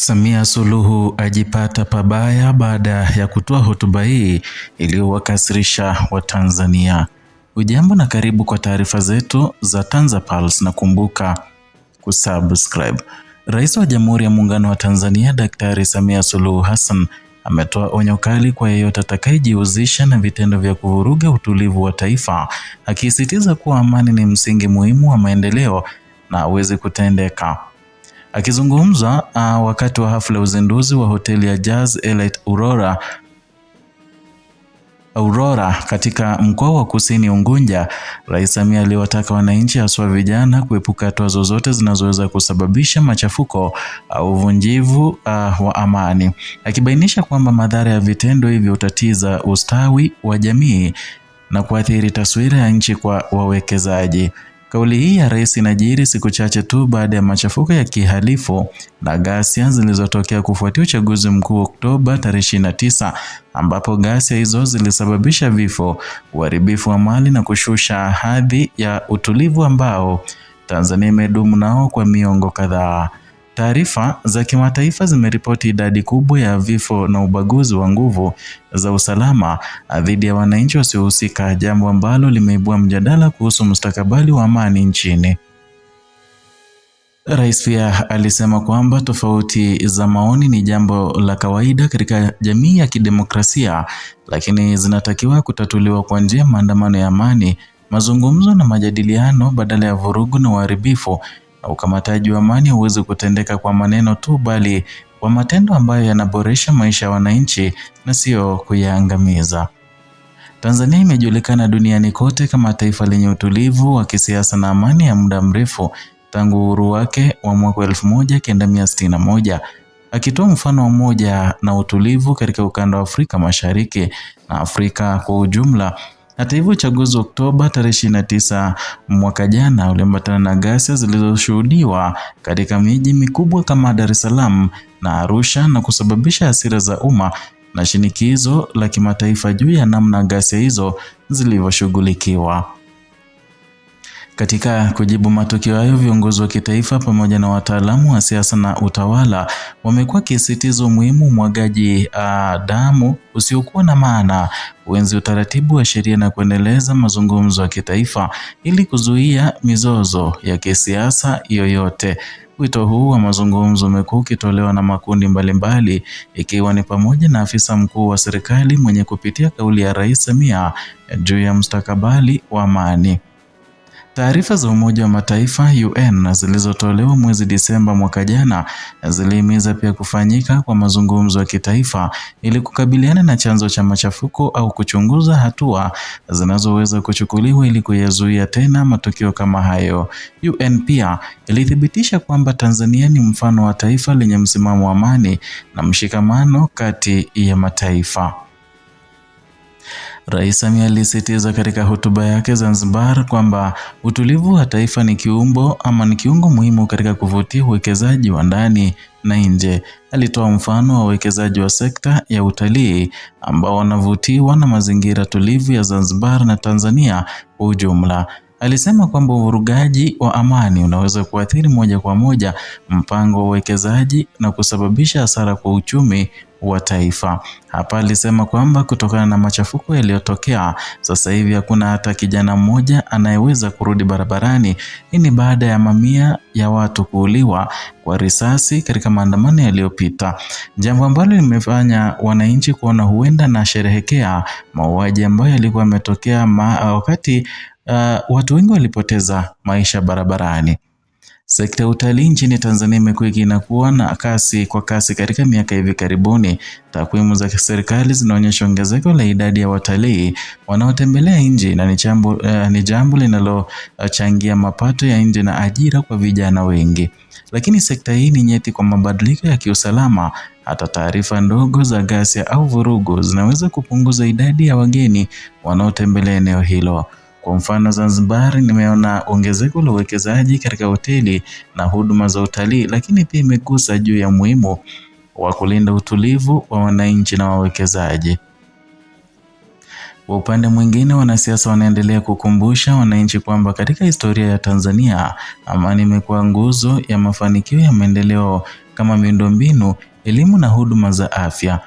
Samia Suluhu ajipata pabaya baada ya kutoa hotuba hii iliyowakasirisha Watanzania. Ujambo na karibu kwa taarifa zetu za Tanza Pulse na kumbuka kusubscribe. Rais wa Jamhuri ya Muungano wa Tanzania Daktari Samia Suluhu Hassan ametoa onyo kali kwa yeyote atakayejihusisha na vitendo vya kuvuruga utulivu wa taifa, akisisitiza kuwa amani ni msingi muhimu wa maendeleo na hawezi kutendeka. Akizungumza uh, wakati wa hafla ya uzinduzi wa hoteli ya Jazz Elite Aurora Aurora katika mkoa wa Kusini Unguja, Rais Samia aliwataka wananchi haswa vijana kuepuka hatua zozote zinazoweza kusababisha machafuko au uvunjivu uh, wa amani, akibainisha kwamba madhara ya vitendo hivyo hutatiza ustawi wa jamii na kuathiri taswira ya nchi kwa wawekezaji. Kauli hii ya rais inajiri siku chache tu baada ya machafuko ya kihalifu na ghasia zilizotokea kufuatia uchaguzi mkuu Oktoba tarehe 29 ambapo ghasia hizo zilisababisha vifo, uharibifu wa mali na kushusha hadhi ya utulivu ambao Tanzania imedumu nao kwa miongo kadhaa. Taarifa za kimataifa zimeripoti idadi kubwa ya vifo na ubaguzi wa nguvu za usalama dhidi ya wananchi wasiohusika, jambo ambalo limeibua mjadala kuhusu mustakabali wa amani nchini. Rais pia alisema kwamba tofauti za maoni ni jambo la kawaida katika jamii ya kidemokrasia, lakini zinatakiwa kutatuliwa kwa njia maandamano ya amani, mazungumzo na majadiliano badala ya vurugu na uharibifu na ukamataji wa amani huwezi kutendeka kwa maneno tu, bali kwa matendo ambayo yanaboresha maisha ya wananchi na sio kuyaangamiza. Tanzania imejulikana duniani kote kama taifa lenye utulivu wa kisiasa na amani ya muda mrefu tangu uhuru wake wa mwaka moja akitoa mfano mmoja na utulivu katika ukanda wa Afrika Mashariki na Afrika kwa ujumla. Hata hivyo uchaguzi wa Oktoba tarehe 29 mwaka jana uliambatana na ghasia zilizoshuhudiwa katika miji mikubwa kama Dar es Salaam na Arusha na kusababisha hasira za umma na shinikizo la kimataifa juu ya namna ghasia hizo zilivyoshughulikiwa. Katika kujibu matukio hayo, viongozi wa kitaifa pamoja na wataalamu wa siasa na utawala wamekuwa kisitizo umuhimu umwagaji uh, damu usiokuwa na maana, wenzi utaratibu wa sheria na kuendeleza mazungumzo ya kitaifa ili kuzuia mizozo ya kisiasa yoyote. Wito huu wa mazungumzo umekuwa ukitolewa na makundi mbalimbali ikiwa ni pamoja na afisa mkuu wa serikali mwenye kupitia kauli ya Rais Samia juu ya mustakabali wa amani. Taarifa za Umoja wa Mataifa UN zilizotolewa mwezi Disemba mwaka jana zilihimiza pia kufanyika kwa mazungumzo ya kitaifa ili kukabiliana na chanzo cha machafuko au kuchunguza hatua zinazoweza kuchukuliwa ili kuyazuia tena matukio kama hayo. UN pia ilithibitisha kwamba Tanzania ni mfano wa taifa lenye msimamo wa amani na mshikamano kati ya mataifa. Rais Samia alisisitiza katika hotuba yake Zanzibar kwamba utulivu wa taifa ni kiumbo ama ni kiungo muhimu katika kuvutia uwekezaji wa ndani na nje. Alitoa mfano wa uwekezaji wa sekta ya utalii ambao wanavutiwa na mazingira tulivu ya Zanzibar na Tanzania kwa ujumla. Alisema kwamba uvurugaji wa amani unaweza kuathiri moja kwa moja mpango wa uwekezaji na kusababisha hasara kwa uchumi wa taifa. Hapa alisema kwamba kutokana na machafuko yaliyotokea sasa hivi hakuna hata kijana mmoja anayeweza kurudi barabarani. Hii ni baada ya mamia ya watu kuuliwa kwa risasi katika maandamano yaliyopita, jambo ambalo limefanya wananchi kuona huenda na sherehekea mauaji ambayo yalikuwa yametokea wakati uh, watu wengi walipoteza maisha barabarani. Sekta ya utalii nchini Tanzania imekuwa ikinakuwa na kasi kwa kasi katika miaka hivi karibuni. Takwimu za serikali zinaonyesha ongezeko la idadi ya watalii wanaotembelea nchi na ni eh, jambo uh, linalochangia mapato ya nchi na ajira kwa vijana wengi. Lakini sekta hii ni nyeti kwa mabadiliko ya kiusalama. Hata taarifa ndogo za ghasia au vurugu zinaweza kupunguza idadi ya wageni wanaotembelea eneo hilo. Kwa mfano, Zanzibar nimeona ongezeko la uwekezaji katika hoteli na huduma za utalii, lakini pia imegusa juu ya muhimu wa kulinda utulivu wa wananchi na wawekezaji. Kwa upande mwingine, wanasiasa wanaendelea kukumbusha wananchi kwamba katika historia ya Tanzania, amani imekuwa nguzo ya mafanikio ya maendeleo kama miundombinu, elimu na huduma za afya.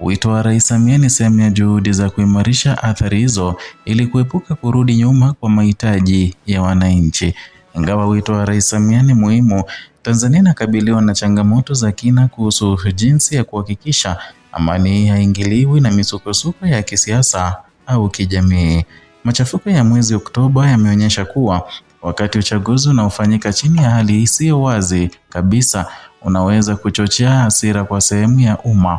Wito wa Rais Samia ni sehemu ya juhudi za kuimarisha athari hizo ili kuepuka kurudi nyuma kwa mahitaji ya wananchi. Ingawa wito wa Rais Samia ni muhimu, Tanzania inakabiliwa na changamoto za kina kuhusu jinsi ya kuhakikisha amani haingiliwi na misukosuko ya kisiasa au kijamii. Machafuko ya mwezi Oktoba yameonyesha kuwa wakati uchaguzi unaofanyika chini ya hali isiyo wazi kabisa unaweza kuchochea hasira kwa sehemu ya umma.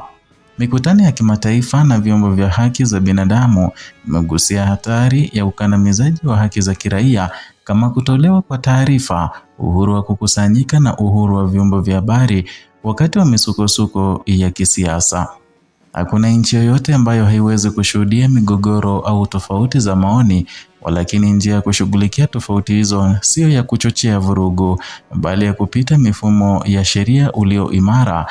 Mikutano ya kimataifa na vyombo vya haki za binadamu imegusia hatari ya ukandamizaji wa haki za kiraia kama kutolewa kwa taarifa, uhuru wa kukusanyika na uhuru wa vyombo vya habari wakati wa misukosuko ya kisiasa. Hakuna nchi yoyote ambayo haiwezi kushuhudia migogoro au tofauti za maoni, walakini njia ya kushughulikia tofauti hizo sio ya kuchochea vurugu, bali ya kupita mifumo ya sheria ulio imara,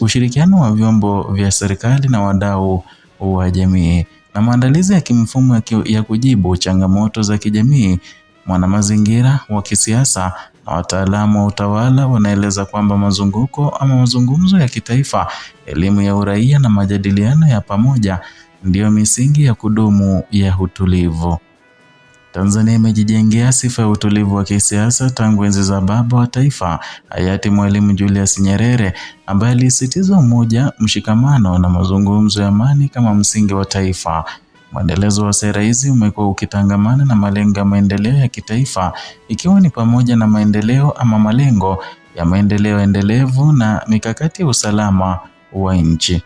ushirikiano wa vyombo vya serikali na wadau wa jamii, na maandalizi ya kimfumo ya kujibu changamoto za kijamii. Mwanamazingira wa kisiasa na wataalamu wa utawala wanaeleza kwamba mazunguko ama mazungumzo ya kitaifa, elimu ya uraia na majadiliano ya pamoja ndiyo misingi ya kudumu ya utulivu. Tanzania imejijengea sifa ya utulivu wa kisiasa tangu enzi za baba wa taifa hayati Mwalimu Julius Nyerere ambaye alisisitiza umoja, mshikamano na mazungumzo ya amani kama msingi wa taifa. Mwendelezo wa sera hizi umekuwa ukitangamana na malengo ya maendeleo ya kitaifa ikiwa ni pamoja na maendeleo ama malengo ya maendeleo endelevu na mikakati ya usalama wa nchi.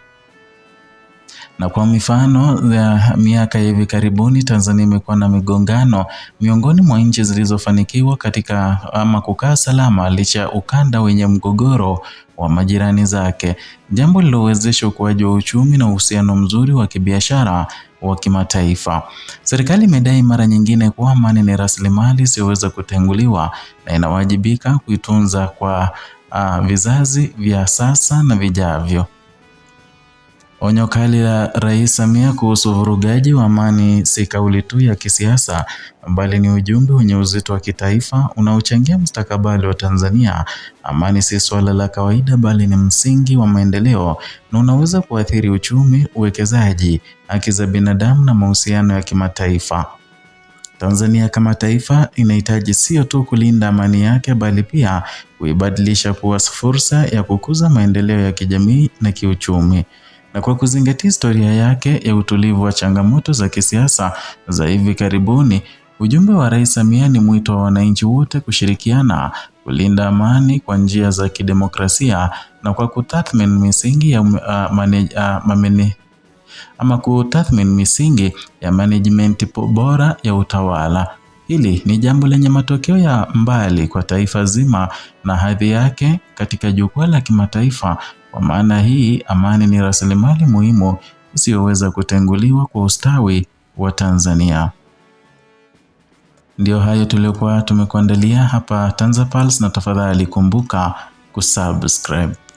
Na kwa mifano ya miaka ya hivi karibuni, Tanzania imekuwa na migongano miongoni mwa nchi zilizofanikiwa katika ama kukaa salama licha ukanda wenye mgogoro wa majirani zake, jambo lilowezesha ukuaji wa uchumi na uhusiano mzuri wa kibiashara wa kimataifa. Serikali imedai mara nyingine kuwa amani ni rasilimali isiyoweza kutenguliwa na inawajibika kuitunza kwa uh, vizazi vya sasa na vijavyo. Onyo kali la Rais Samia kuhusu uvurugaji wa amani si kauli tu ya kisiasa bali ni ujumbe wenye uzito wa kitaifa unaochangia mustakabali wa Tanzania. Amani si suala la kawaida bali ni msingi wa maendeleo na unaweza kuathiri uchumi, uwekezaji, haki za binadamu na mahusiano ya kimataifa. Tanzania kama taifa inahitaji sio tu kulinda amani yake bali pia kuibadilisha kuwa fursa ya kukuza maendeleo ya kijamii na kiuchumi na kwa kuzingatia historia yake ya utulivu wa changamoto za kisiasa za hivi karibuni, ujumbe wa Rais Samia ni mwito wa wananchi wote kushirikiana kulinda amani kwa njia za kidemokrasia na kwa kutathmini misingi ya uh, manage, uh, mameni, ama kutathmini misingi ya management bora ya utawala. Hili ni jambo lenye matokeo ya mbali kwa taifa zima na hadhi yake katika jukwaa la kimataifa kwa maana hii, amani ni rasilimali muhimu isiyoweza kutenguliwa kwa ustawi wa Tanzania. Ndiyo hayo tuliokuwa tumekuandalia hapa TanzaPulse, na tafadhali kumbuka kusubscribe.